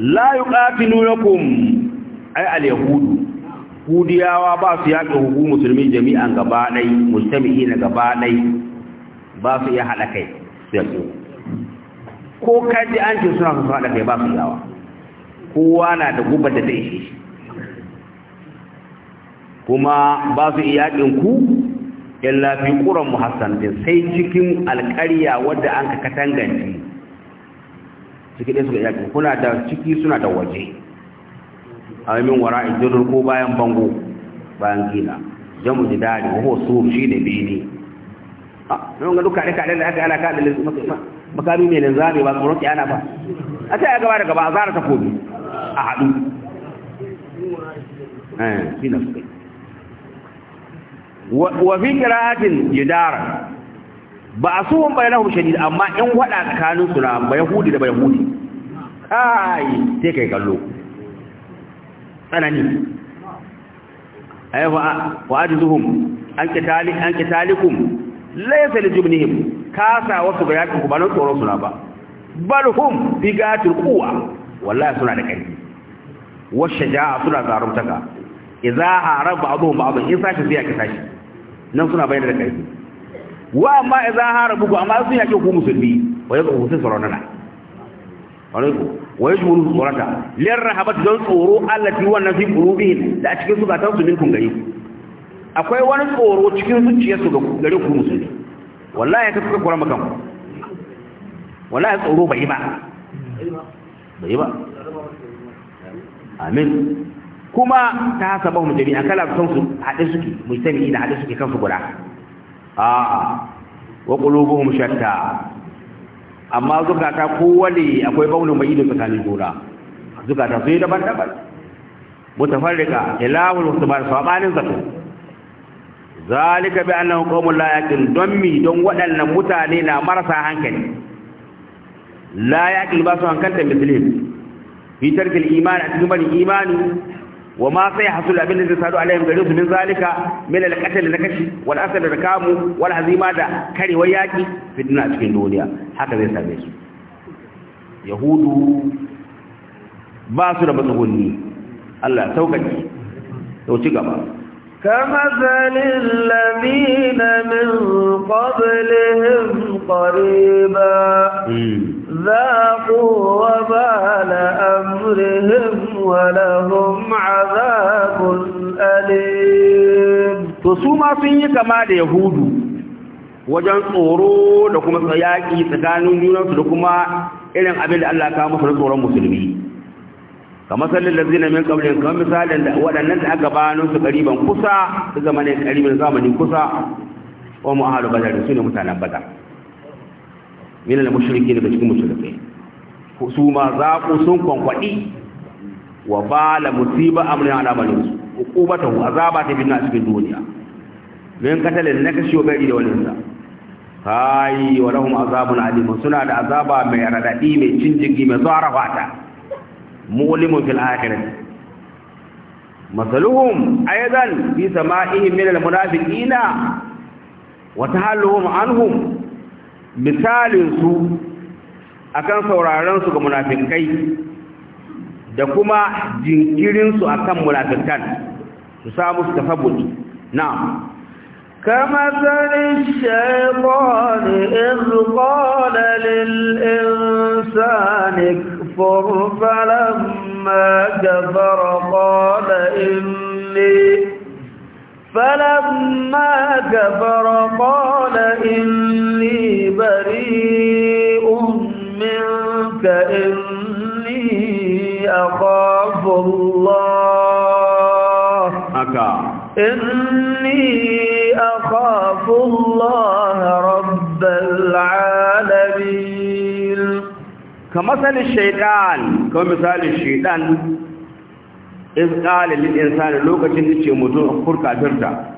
la yuqatilunakum ay al-yahud hudiyawa ba su yaƙi hukun musulmi jami'an gaba ɗai mujtami'i na gaba ɗai ba su iya haɗa kai su ko kaji an ce suna su haɗa kai ba su yawa kowa na da guba da ta ishe kuma ba su iya yaƙin ku illa fi ƙuran muhassanatin sai cikin alƙarya wadda an ka katangance ciki ɗaya suka yakin kuna da ciki suna da waje a yamin wara ijirar ko bayan bango bayan gina jamu ji dare waho su shi ne bini a yawan ga duka ɗaya da aka ana da makami mai linzami ba tsoron ana ba a ta ya gaba da gaba a zara ta kobi a haɗu eh, wa fi kira'atin jidara ba a suhun bayanahum shadid amma in waɗa tsakanin su na bayan yahudi da ba yahudi kai sai kai kallo tsanani yi wa ajzuhum an kitali an laifin laysa ka kasa wasu ga yakin kubalan tsoron su na ba balhum bigatul quwa wallahi suna da ƙarfi. Washe shaja'a suna zarumtaka rabu abubuwan ba abin in sashi sai ƙi sashi nan suna bayan da ƙarfi. wa amma idza harabu ku amma sun yake ku musulmi wa yazu ku sarana alaiku wa yajmuru surata lirrahabat don tsoro allati wannan fi qulubihim da cikin su ga tansu minkum gare ku akwai wani tsoro cikin zuciyarsu ga gari ku musulmi wallahi ka kuka kura makan ku wallahi tsoro bai ba bai ba amin kuma ta hasabahum jami'an kala kansu hade suke mujtami'i da hade suke kansu guda a'a wa qulubuhum shatta amma zukata kowane akwai baulun bai da tsakanin juna zukata sai daban-daban mutafarrika ilahul mustabar sabanin zato zalika bi annahu qawmun la yaqin don mi don waɗannan mutane na marasa hankali la yaqin ba su hankalta muslim fi tarkil iman a cikin bari imani وما سيحصل أبن الذي سادوا عليهم قريب من ذلك من القتل لكشي والأسل لكام والعزيمة كري وياكي في الدنيا في الدنيا حتى ذي سابيس يهود باسر بطغني الله توقعي لو تقبع كمثل الذين من قبلهم قريبا ذاقوا وبال أمرهم ولهم عذاب أليم تسوما سنية كما اليهود wajen tsoro da kuma tsayaki tsakanin junansu da kuma irin abin da Allah ka musu tsoron musulmi da min kamar misalin da waɗannan da aka bayanin su ƙariban kusa su zama ne ƙaribin zamanin kusa wa mu'ahalu badar su ne mutanen badar minal mushriki daga cikin mushrikai su ma ku sun kwankwaɗi wa bala musiba amrin ala malin uqubatahu azaba ta bin cikin duniya min katalin nakashi wa gari da walin sa kai wa lahum azabun alim suna da azaba mai radadi mai jinjigi mai tsara fata mulimun fil akhirah masaluhum aidan fi sama'ihim min al munafiqina wa tahalluhum anhum misalin su akan sauraron su ga munafikai da kuma jinkirinsu a kan munafikan su samu su tafabuti na kamasarin shaikoni irkola lil'insani furfalan ma gabara kola inni فلما كفر قال إني بريء منك إني أخاف الله أكا إني أخاف الله رب العالمين كمثل الشيطان كمثال الشيطان إذ قال للإنسان لوكا تنشي مدون أخبر كافرتا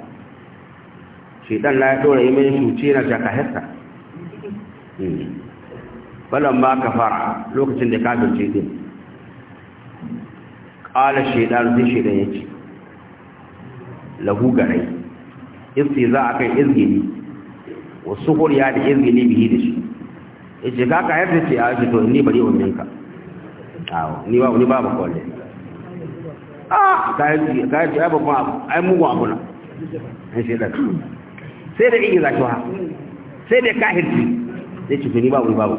الشيطان لا يدور يمين شوتينا شاكهتا [LAUGHS] فلما كفر لوكا تنشي كافر شيطان ala shaidan sai shaidan ya ce lahu garai isti za a kai izgili wasu huriya da izgili bihi da shi ya ce ka yadda ce a shi to ni bari wannan ka ni ba ni ba ba kwalle ah ka yi ka yi ba ba ai mugun abu na sai shaidan sai da igiza shi ha sai da kahirci sai ce to ni ba ni ba ba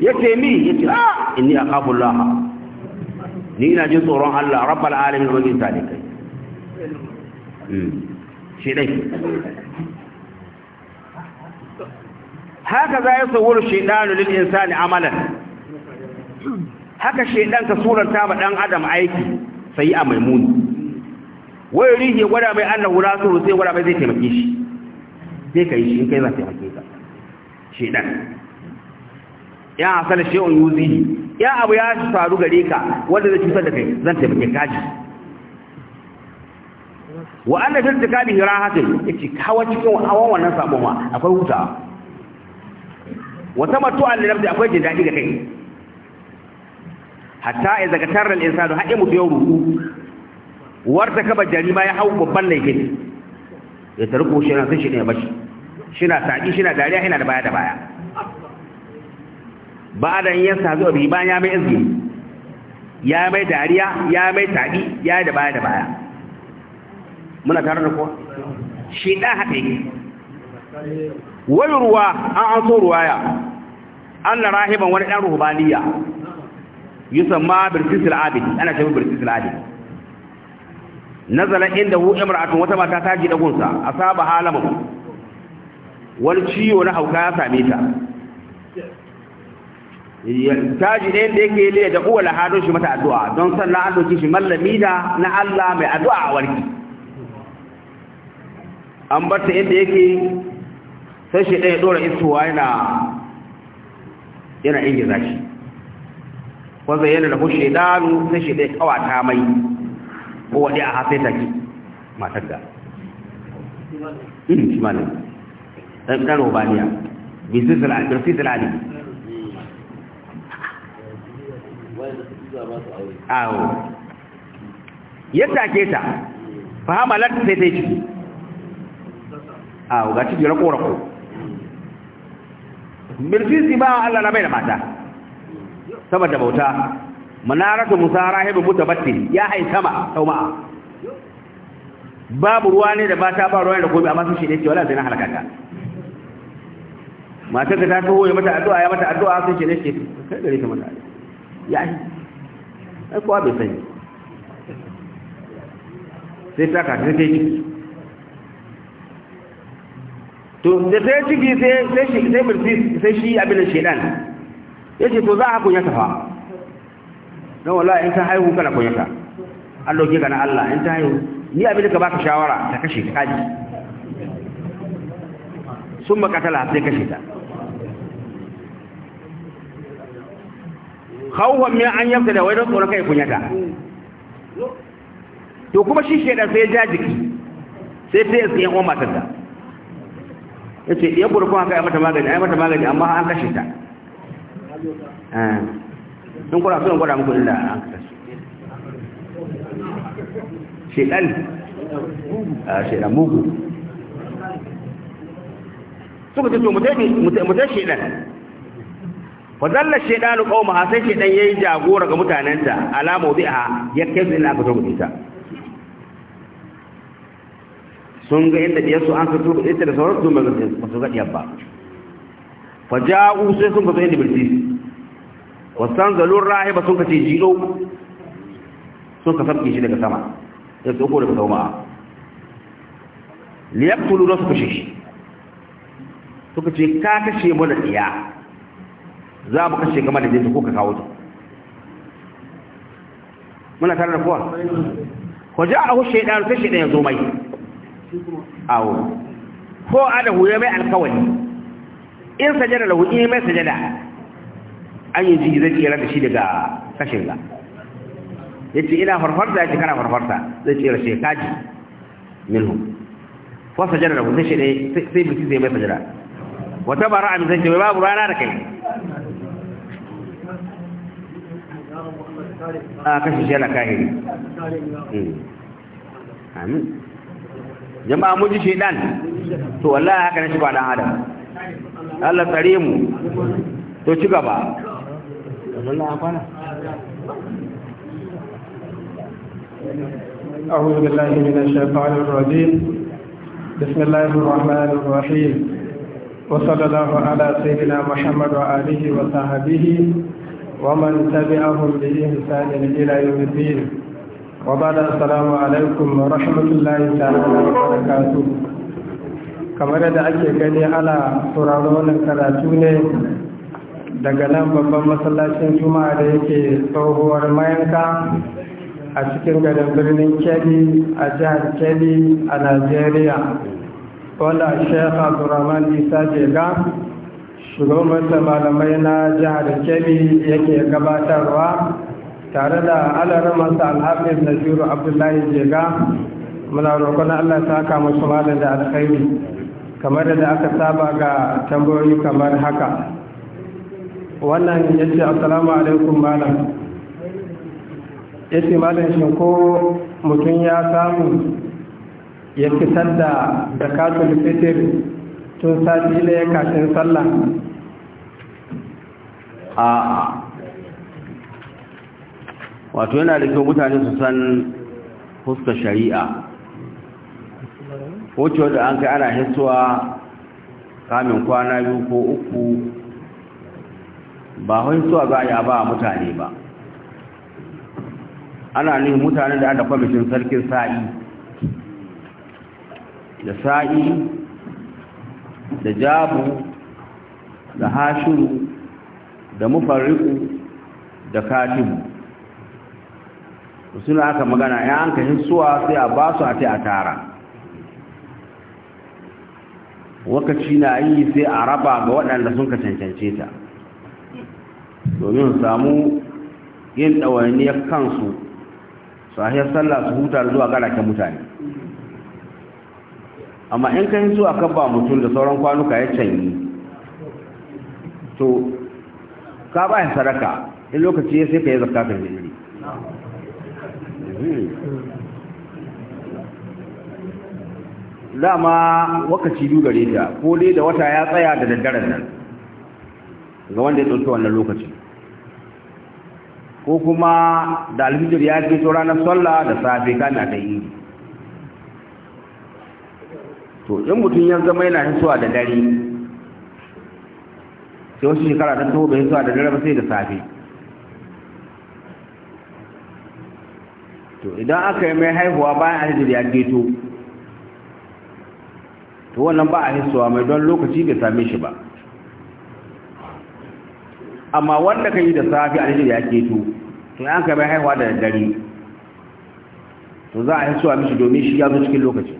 yace mi yace a ah, inni akhafu Allah ni ina jin tsoron Allah rabbul alamin wa jin talikai hmm. shi dai haka za ya tsawuru shaydanu lil insani amalan haka shaydan ka suranta ba dan adam aiki sai a maimuni wai rihi gwada mai annahu rasul sai gwada mai zai taimake shi sai kai shi in kai za taimake ka shaydan ya shi on yuzi ya abu ya faru gare ka wanda zai cutar da kai zan taimake ka ji wa anna fi bi rahati yace kawa cikin awan wannan sabon ma akwai huta wa tamattu'an li nafsi akwai jin dadi ga kai hatta idza katarra al-insanu haɗe mutu biyo ruku warta kaba jarima ya hau babban laifin ya tarko shi na sai shi ne mashi shi na saƙi shi na dariya yana da baya da baya ba da yin sa zuwa bi bayan ya mai izgi ya mai dariya ya mai taɗi ya da baya da baya muna tare da ko shi ɗan haɗe wani ruwa an an so ruwaya an na rahiban wani ɗan ruhubaniya ma birtisil abidi ana shafi birtisil abidi nazala inda hu imra'atun wata mata ta ji dagunsa asaba halamu wani ciwo na hauka ya same ta taji ne da yake liya da uwa lahado shi mata addu'a don sannan an doki shi mallami da na Allah mai addu'a a warki an barta inda yake sai shi ɗaya dora isuwa yana yana ingiza shi wanda yana da hushe danu sai shi ɗaya kawata mai ko waɗe a hafe take matar da hmm, shi ma ne ɗan ɗan robaniya bisis al'adun awo ya take ta fahamalar ta sai ta ci awo ga cikin rako-rako bilfisi ba Allah na bai da mata saboda bauta manaratu musa rahibu batti ya hai sama tauma babu ruwa ne da ba ta ba ruwa da komai amma sun shine cewa la na halakata matar da ta taho ya mata addu'a ya mata addu'a sun shine ce kai gare ta mata ya ai kowa bai sani sai ta kata sai ciki to da sai ciki sai shi sai birtis sai shi abin da shedan yace to za a kunya ta fa dan wallahi in ta haihu kana kunya ta an dauke ka Allah in ta haihu ni abin da ka baka shawara ta kashe ta kaji sun makatala sai kashe ta khawfan min an yamta da wai don tsoron kai kunyata to kuma shi shedan sai ya ja jiki sai ta yi tsayen uwan matar ta ya ce ya burkun haka ya mata magani ya mata magani amma an kashe ta ah. in kuna so in gwada muku da an kashe shi shedan ah, mugu suka ce to mutai dan fadalla shaydanu qauma sai shaydan yayi jagora ga mutanenta ala mawdi'a ya kai ila ga ita sun ga inda diyarsu an fito ita da sauran su magana ba su ga diyar ba faja'u sai sun gazo inda biltis wasan zalur rahiba sun kace jido sun ka sabke shi daga sama ya tsoko daga sama liyaqulu rasu kashe shi suka ce ka kashe mana diya za mu kashe gama da jinta ko ka kawo ta muna tare da kowa ko ji a hushe ɗan sai shi ɗan ya zo mai awo ko da ya mai alkawali in sajada lahu in mai sajada an yi jiki zai tsira da shi daga kashin ga ya ce ina farfarta ya ce kana farfarta zai tsira shi kaji minhu ko sajada lahu sai shi ɗan sai bisi zai mai sajada wata bara a misance mai babu rana da kai a kashe shi yana kahiri hmm. amin jama'a mun ji shaidan to wallahi haka ne shi ba dan adam Allah tsare mu to ci gaba wallahi kwana أعوذ بالله من الشيطان الرجيم بسم الله الرحمن الرحيم وصلى الله على سيدنا محمد وآله وصحبه ومن تبعهم بإحسان إلى يوم الدين وبعد السلام عليكم ورحمة الله تعالى وبركاته kamar da ake gani ana sauraro wannan karatu ne daga nan babban masallacin juma'a da yake tsohuwar mayanka a cikin garin birnin kebbi a jihar kebbi a najeriya wanda shekha abdurrahman isa jega shugaban masa malamai na jihar kebbi yake gabatarwa tare da alaramansa alhafiz na juru abdullahi jega muna roƙon allah ta kama mu malam da alkhairi kamar da aka saba ga tambayoyi kamar haka wannan ya ce assalamu alaikum malam ya malam shi ko mutum ya samu ya fitar da zakatul fitr tun sati ne kafin sallah a wato yana da kyau mutane su san fuska shari'a wacce wadda an kai ana hisuwa kamin kwana biyu ko uku ba hisuwa za a yi ba mutane ba ana nufin mutane da an da kwamishin sarkin sa'i da sa'i da jabu da hashiru da mufarriku da katibu suna aka magana ya an kahin suwa sai a ba su a ta tara wakaci na yi sai a raba ga waɗanda sun ka cancance ta domin samu yin ɗawainiyar kansu sahiyar sallah su huta zuwa garaken mutane amma in ka hito a ba mutum da sauran kwanuka ya canyi to ka ba ya saraka in lokaci ya sai ka yi zakka kan jiri hmm. dama wakaci biyu gare ta ko dai da wata ya tsaya da daddaren nan ga wanda ya tsoto wannan lokaci. ko kuma da alhijir ya fito ranar sallah da safe kana ta yi to in mutum ya zama yana hisuwa da dare sai wasu shekara ta taho bai hisuwa da dare ba sai da safe to idan aka yi mai haihuwa bayan an ya geto to wannan ba a hisuwa mai don lokaci bai same shi ba amma wanda ka yi da safe an ya geto to an ka mai haihuwa da dare to za a hisuwa mishi domin shi ya zo cikin lokaci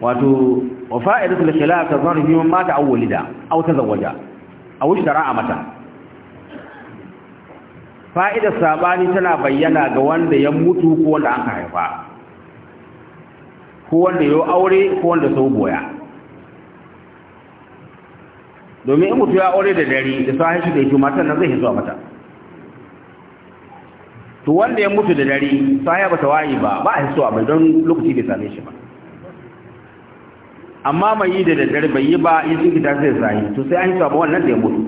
wato wa al khilaf tazharu fi man mata aw walida aw tazawwaja aw ishtara'a mata fa'idar sabani tana bayyana ga wanda ya mutu ko wanda aka haifa ko wanda ya aure ko wanda sau boya domin in mutu ya aure da dare da sahi shi da yake matan nan zai hizo mata to wanda ya mutu da dare sahi ba ta wayi ba ba a hisuwa bai don lokaci bai same shi ba amma mai yi da daddare bai yi ba in sun fita sai zai to sai an yi sabo wannan da ya mutu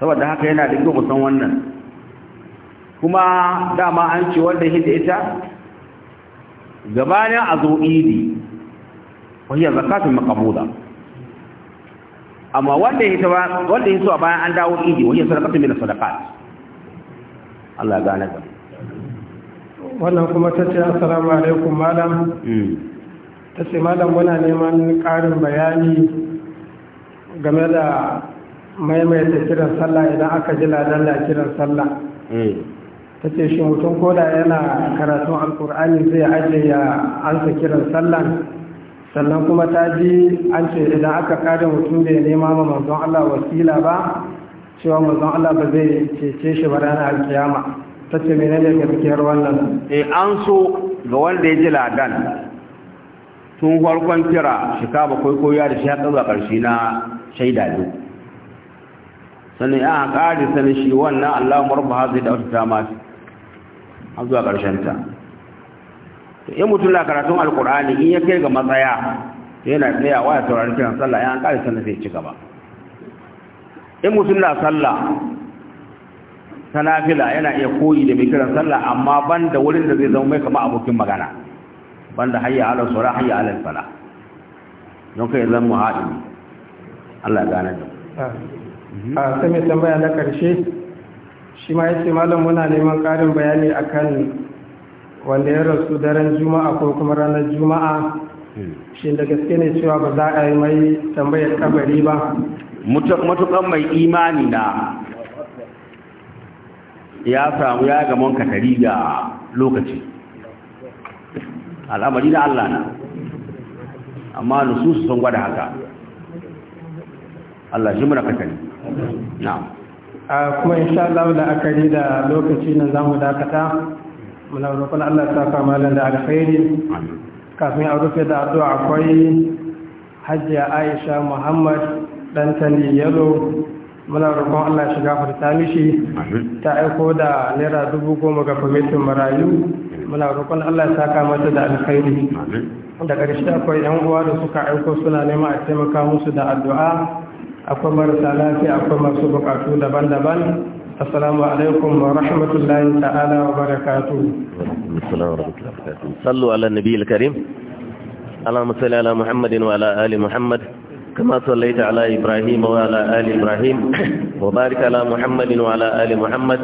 saboda haka yana da kyau kusan wannan kuma dama an ce wanda da ita gabanin a zo idi wahiyar zakatun makabuda amma wanda ya ba wanda ya zuwa bayan an dawo idi wahiyar sadaqatun min sadaqat Allah gane ka wannan kuma tace assalamu alaikum malam hmm. ta ce malam muna neman ƙarin bayani game da maimaita kiran sallah idan aka ji ladan da kiran sallah hmm. ta ce shi mutum koda yana karatun alkur'ani zai ajiye ya ansa kiran sallah sannan kuma ta ji an ce idan aka kare mutum bai nema ma manzon Allah wasila ba cewa manzon Allah ba zai cece shi ba rana alkiyama ta ce menene gaskiyar wannan eh, an so ga wanda ya ji ladan tun farkon kira shi kama kwaikwayo da shi ya zuwa ƙarshe na shaida ne sannan ya ƙari sanin shi wannan allah marfa zai da wata dama har zuwa ƙarshenta to in mutum na karatun alkur'ani in ya kai ga matsaya yana tsayawa ya saurari kiran sallah ya ƙari sani zai ci gaba in mutum na sallah ta nafila yana iya koyi da mai kiran sallah amma ban da wurin da zai zama mai kama abokin magana banda hayya ala sura hayya ala fala don kai zan muhaɗin Allah gane da a sai mai tambaya na karshe shi ma yace malam muna neman ƙarin bayani akan wanda ya rasu daren juma'a ko kuma ranar juma'a hmm. shi da gaske ne cewa ba za a yi mai tambayar kabari ba matukan mai imani na ya samu ya gamon katari ga lokaci al'amari na Allah na amma nususu sun gwada haka Allah shi muna kakari na a kuma insha Allah da aka yi da lokaci za zamu dakata muna Allah ta kama da alkhairi kafin a rufe da addu'a akwai hajjiya Aisha Muhammad dan tani yalo muna Allah shiga farta mishi ta aiko da naira dubu goma ga kwamitin marayu muna roƙon Allah ya saka mata da alkhairi da ƙarshe akwai yan uwa da suka aiko suna nema a taimaka musu da addu'a akwai marasa lafiya akwai masu buƙatu daban-daban assalamu alaikum wa rahmatullahi ta'ala wa barakatuh sallu ala nabiyil karim اللهم صل على محمد وعلى آل محمد كما صليت على إبراهيم وعلى آل إبراهيم وبارك على محمد وعلى آل محمد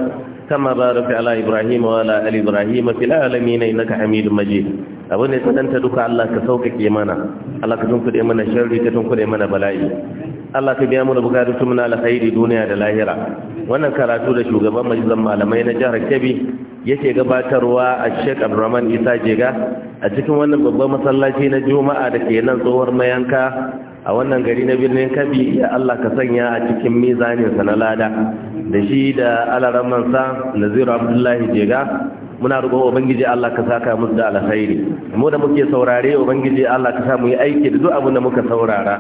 kama baraka ala ibrahim wa ala ali ibrahim fil alamin innaka hamidum majid abin da ya tsananta duka Allah ka sauƙaƙe mana Allah ka tunkuɗe mana sharri ka tunkuɗe mana bala'i Allah ka biya mana bukatu muna alkhairi duniya da lahira wannan karatu da shugaban majalisar malamai na jihar Kebbi yake gabatarwa a Sheikh Abdulrahman Isa Jega a cikin wannan babban masallaci na Juma'a da ke nan tsohuwar mayanka a wannan gari na birnin kabi ya Allah ka sanya a cikin mizaninsa na lada da shi da sa naziru abdullahi jega muna rubo ubangiji Allah ka saka musu da alkhairi mu da muke saurare ubangiji Allah ka sa mu yi aiki da duk abin da muka saurara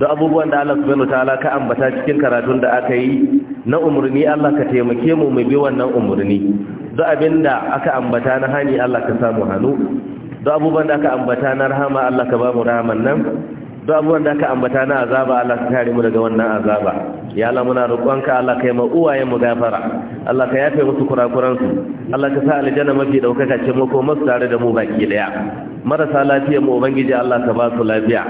duk abubuwan da Allah subhanahu wataala ka ambata cikin karatun da aka yi na umurni Allah ka taimake mu mu bi wannan umurni duk abinda aka ambata na hani Allah ka sa mu hannu duk abubuwan da aka ambata na rahama Allah ka ba mu rahaman nan duk abubuwan da aka ambata na azaba Allah ka kare mu daga wannan azaba ya Allah muna roƙonka Allah ka yi ma mu gafara Allah ka yafe musu kurakuran su Allah ka sa aljanna mafi daukaka ce mu ko masu tare da mu baki daya marasa lafiya mu ubangiji Allah ka ba su lafiya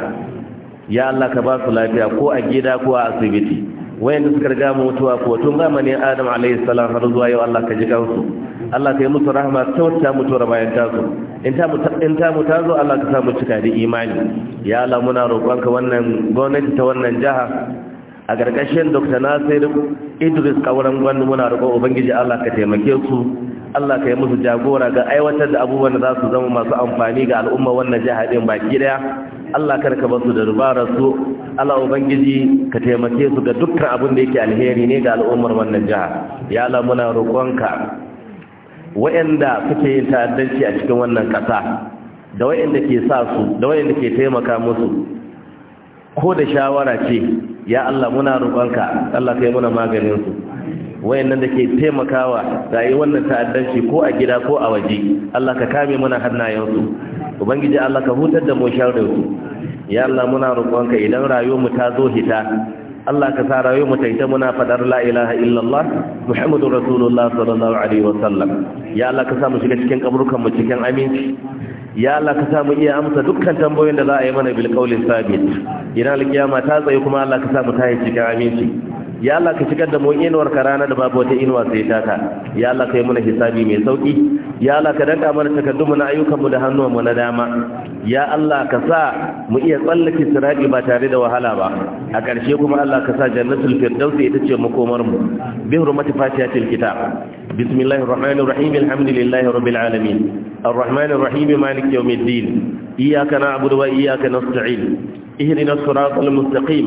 ya Allah ka ba su lafiya ko a gida ko a asibiti wayanda suka riga mutuwa ko tun zamanin Adam alaihi salam har zuwa yau Allah ka ji kansu Allah ka yi musu rahama ta wata da bayan tazo in ta mutu tazo Allah ka samu cika da imani ya Allah muna roƙonka wannan gwamnati ta wannan jiha a ƙarƙashin Dr. nasiru Idris Kauran gwamnati muna roƙon Ubangiji Allah ka taimake su Allah ka yi musu jagora ga aiwatar da abubuwan da za su zama masu amfani ga al'umma wannan jiha ɗin baki ɗaya Allah kar ka basu da dubara su Allah ubangiji ka taimake su ga dukkan abin da yake alheri ne ga al'ummar wannan jiha ya Allah muna roƙonka wa'anda suke yin ta'addanci a cikin wannan ƙasa da wa'anda ke sa su da wa'anda ke taimaka musu ko da shawara ce ya Allah muna roƙonka Allah kai muna maganin su wa'annan da ke taimakawa yi wannan ta'addanci ko a gida ko a waje Allah ka kame mana hannayensu ubangiji Allah ka hutar da mu sharrin su ya Allah muna roƙonka idan rayuwar mu ta zo hita Allah ka sa rayu mu taita muna fadar la ilaha illallah Muhammadu Rasulullah sallallahu alaihi wasallam ya Allah ka sa mu shiga cikin kaburkan mu cikin aminci ya Allah ka sa mu iya amsa dukkan tambayoyin da za a yi mana bil qawli sabit ina alkiyama ta tsaye kuma Allah ka sa mu tayi cikin aminci ya Allah ka shigar da mu inuwar ka rana da babu wata inuwa sai ta ya Allah ka yi mana hisabi mai sauki ya Allah ka danka mana takardu mu na ayyukan mu da hannuwan mu na dama ya Allah ka sa mu iya tsallake sirati ba tare da wahala ba a ƙarshe kuma Allah ka sa jannatul firdaus ita ce makomar mu bi hurmati fatihatil kitab bismillahir rahmanir rahim alhamdulillahi rabbil alamin arrahmanir rahim maliki yawmiddin iyyaka na'budu wa iyyaka nasta'in اهدنا الصراط المستقيم